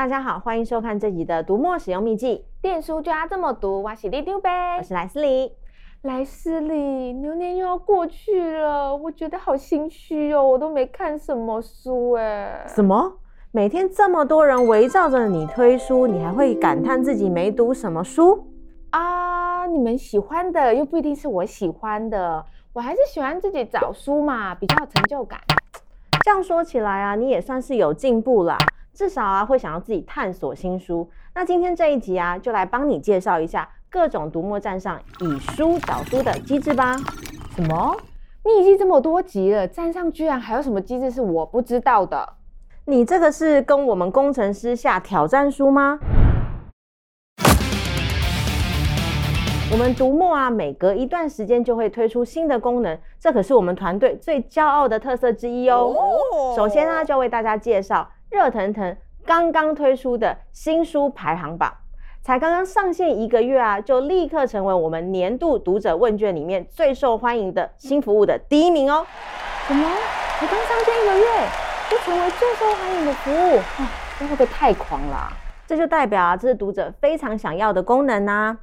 大家好，歡迎收看這集的《讀墨使用祕技》，電書就要這麼讀，哇西利丟唄！我是萊斯里，萊斯里，牛年又要過去了，我覺得好心虛哦，我都沒看什麼書哎。什麼？每天這麼多人圍繞着你推書，嗯、你還會感嘆自己沒讀什麼書啊？你們喜歡的又不一定是我喜歡的，我還是喜歡自己找書嘛，比較有成就感。這樣說起來啊，你也算是有進步啦。至少啊，會想要自己探索新書。那今天這一集啊，就來幫你介紹一下各種讀墨站上以書找書的機制吧。什麼？你已經這麼多集了，站上居然還有什麼機制是我不知道的？你這個是跟我們工程師下挑戰書嗎？哦、我們讀墨啊，每隔一段時間就會推出新的功能，這可是我們團隊最驕傲的特色之一哦。哦，首先呢、啊，就要為大家介紹。熱騰騰剛剛推出的新書排行榜，才剛剛上線一個月啊，就立刻成為我們年度讀者問卷裡面最受歡迎的新服務的第一名哦！什麼？才剛上線一個月就成為最受歡迎的服務？哇，那會不會太狂了啊！這就代表啊，這是讀者非常想要的功能啊。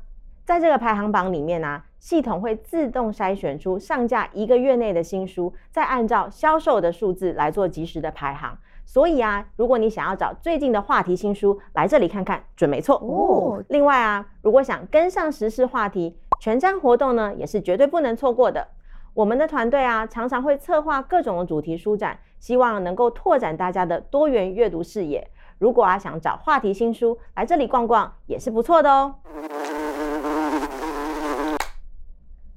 在這個排行榜裡面呢，系統會自動篩選出上架一個月內的新書，再按照銷售的數字來做即時的排行。所以啊，如果你想要找最近的話題新書，來這裡看看準沒錯哦。另外啊，如果想跟上時事話題，全站活動呢也是絕對不能錯過的。我們的團隊啊，常常會策劃各種的主題書展，希望能夠拓展大家的多元閱讀視野。如果啊想找話題新書，來這裡逛逛也是不錯的哦。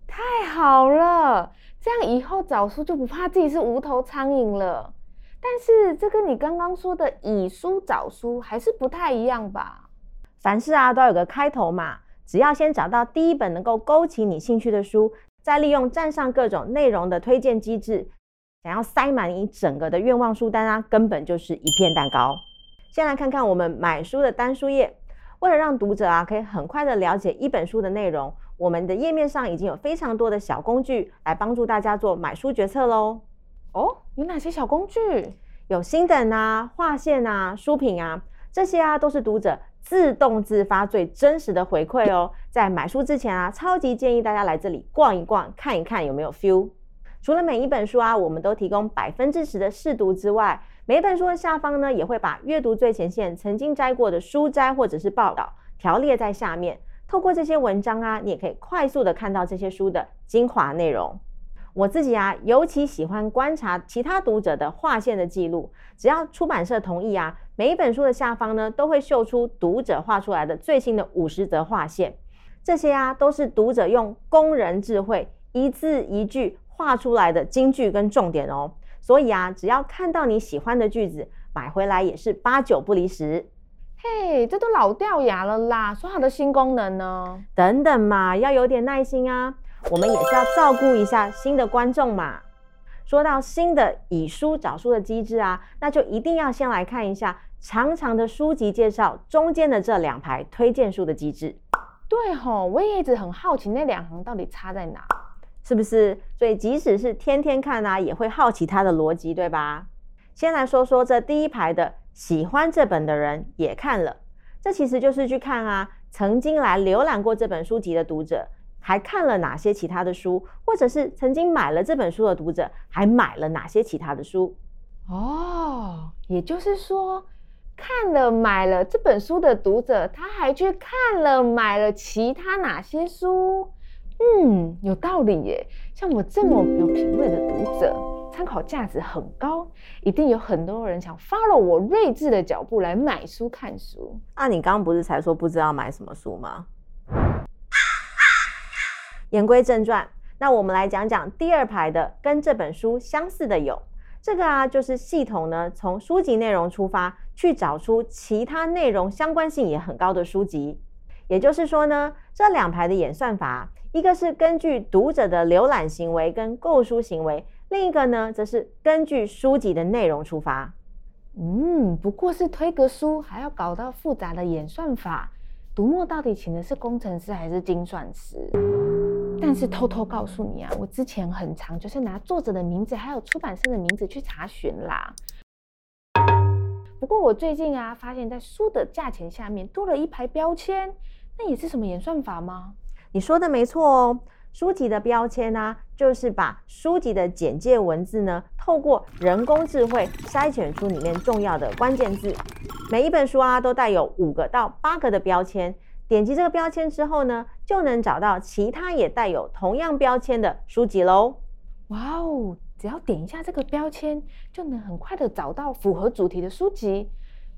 太好了，這樣以後找書就不怕自己是無頭蒼蠅了。但是這跟你剛剛說的以書找書還是不太一樣吧？凡事啊都要有個開頭嘛，只要先找到第一本能夠勾起你興趣的書，再利用站上各種內容的推薦機制，想要塞滿你整個的願望書單啊，根本就是一片蛋糕。先來看看我們買書的單書頁，為了讓讀者啊可以很快的了解一本書的內容，我們的頁面上已經有非常多的小工具來幫助大家做買書決策嘍。哦，有哪些小工具？有星等啊、劃線啊、書評啊，這些啊都是讀者自動自發最真實的回饋哦。在買書之前啊，超級建議大家來這裡逛一逛，看一看有沒有 feel。除了每一本書啊，我們都提供百分之十的試讀之外，每一本書的下方呢，也會把閱讀最前線曾經摘過的書摘或者是報道條列在下面。透過這些文章啊，你也可以快速的看到這些書的精華內容。我自己啊，尤其喜歡觀察其他讀者的劃線的記錄。只要出版社同意啊，每一本書的下方呢，都會秀出讀者畫出來的最新的五十則劃線。這些啊，都是讀者用工人智慧，一字一句畫出來的金句跟重點哦。所以啊，只要看到你喜歡的句子，買回來也是八九不離十。嘿，這都老掉牙了啦！說好的新功能呢？等等嘛，要有點耐心啊。我們也是要照顧一下新的觀眾嘛。說到新的以書找書的機制啊，那就一定要先來看一下長長的書籍介紹中間的這兩排推薦書的機制。對吼，我也一直很好奇那兩行到底差在哪，是不是？所以即使是天天看啊，也會好奇它的邏輯，對吧？先來說說這第一排的喜歡這本的人也看了，這其實就是去看啊，曾經來瀏覽過這本書籍的讀者。還看了哪些其他的書，或者是曾經買了這本書的讀者還買了哪些其他的書？哦，也就是說，看了買了這本書的讀者，他還去看了買了其他哪些書？嗯，有道理耶。像我這麼有品位的讀者，參考價值很高，一定有很多人想 follow 我睿智的腳步來買書、看書。啊，你剛剛不是才說不知道買什麼書嗎？言歸正傳，那我們來講講第二排的跟這本書相似的有這個啊，就是系統呢，從書籍內容出發去找出其他內容相關性也很高的書籍。也就是說呢，這兩排的演算法，一個是根據讀者的瀏覽行為跟購書行為，另一個呢則是根據書籍的內容出發。嗯，不過是推個書還要搞到複雜的演算法，讀墨到底請的是工程師還是精算師？但是偷偷告訴你啊，我之前很常就是拿作者的名字還有出版社的名字去查詢啦。不過我最近啊，發現在書的價錢下面多了一排標籤，那也是什麼演算法嗎？你說的沒錯哦，書籍的標籤呢、啊，就是把書籍的簡介文字呢，透過人工智慧篩選出裡面重要的關鍵字。每一本書啊，都帶有五個到八個的標籤。點擊這個標籤之後呢，就能找到其他也帶有同樣標籤的書籍嘍。哇哦，只要點一下這個標籤，就能很快的找到符合主題的書籍。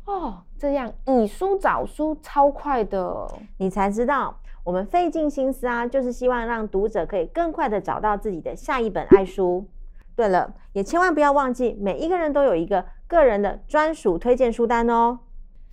哦，這樣以書找書超快的，你才知道我們費盡心思啊，就是希望讓讀者可以更快的找到自己的下一本愛書。對了，也千萬不要忘記，每一個人都有一個個人的專屬推薦書單哦。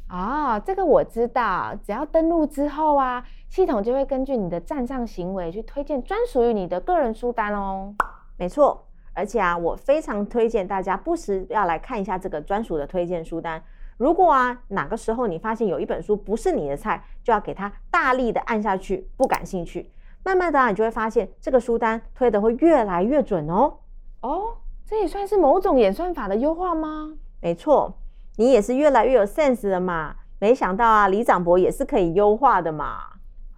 啊、哦，這個我知道，只要登錄之後啊，系統就會根據你的站上行為去推薦專屬於你的個人書單哦。沒錯，而且啊，我非常推薦大家不時要來看一下這個專屬的推薦書單。如果啊，哪個時候你發現有一本書不是你的菜，就要給它大力的按下去，不感興趣。慢慢的啊，你就會發現這個書單推得會越來越準哦。哦，這也算是某種演算法的優化嗎？沒錯。你也是越來越有 sense 了嘛。沒想到啊，李長博也是可以優化的嘛！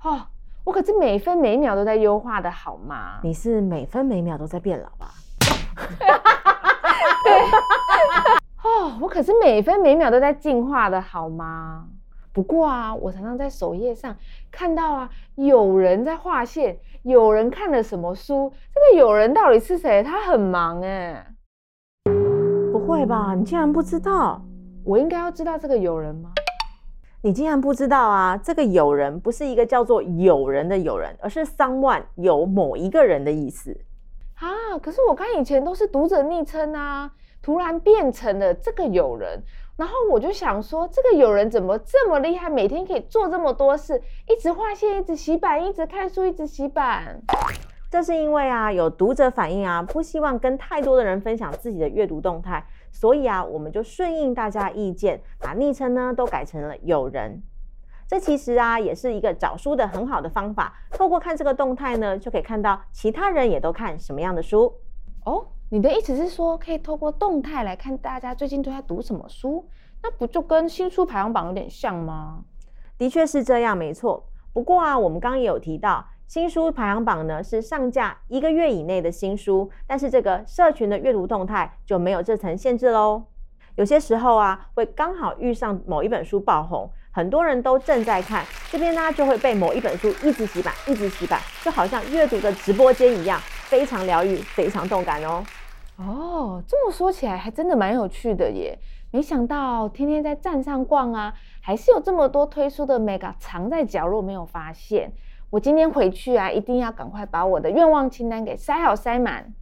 哦，我可是每分每秒都在優化的好嗎？你是每分每秒都在變老吧？哈哈哈哈哈哈！對，哈，哦，我可是每分每秒都在進化的好嗎？不過啊，我常常在首頁上看到啊，有人在劃線，有人看了什麼書，這、那個有人到底是誰？他很忙哎、欸，不會吧？你竟然不知道？我應該要知道這個友人嗎？你竟然不知道啊！這個友人不是一個叫做友人的友人，而是 someone 有某一個人的意思啊！可是我看以前都是讀者昵稱啊，突然變成了這個友人，然後我就想說，這個友人怎麼這麼厲害，每天可以做這麼多事，一直畫線，一直洗版，一直看書，一直洗版。這是因為啊，有讀者反映啊，不希望跟太多的人分享自己的閱讀動態。所以啊，我們就順應大家意見，把昵稱呢都改成了友人。這其實啊，也是一個找書的很好的方法。透過看這個動態呢，就可以看到其他人也都看什麼樣的書。哦，你的意思是說，可以透過動態來看大家最近都在讀什麼書？那不就跟新書排行榜有點像嗎？的確是這樣，沒錯。不過啊，我們剛剛也有提到。新書排行榜呢是上架一個月以內的新書，但是這個社群的閱讀動態就沒有這層限制嘍。有些時候啊，會剛好遇上某一本書爆紅，很多人都正在看，這邊呢就會被某一本書一直洗版，一直洗版，就好像閱讀的直播間一樣，非常療癒，非常動感哦。哦，這麼說起來還真的蠻有趣的耶，沒想到天天在站上逛啊，還是有這麼多推書的眉角藏在角落沒有發現。我今天回去啊，一定要趕快把我的願望清單給塞好塞滿、塞滿。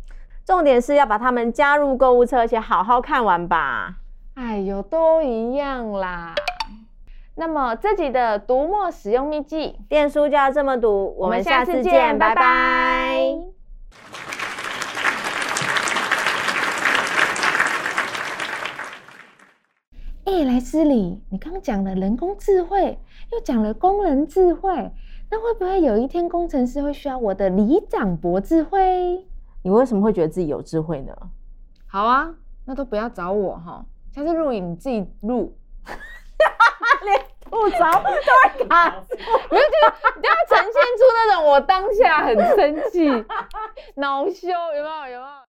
重點是要把它們加入購物車，而且好好看完吧。哎呦，都一樣啦。 那麼，這集的讀墨使用秘技， 電書就要這麼讀。我們下次見， 拜拜。哎、欸，萊斯里，你剛剛講了人工智慧，又講了工人智慧。那會不會有一天工程師會需要我的里長伯智慧？你為什麼會覺得自己有智慧呢？好啊，那都不要找我哈，下次錄影你自己錄。哈哈哈！連吐槽都會卡住，我 就覺得你要呈現出那種我當下很生氣、惱 羞，有沒有？有沒有？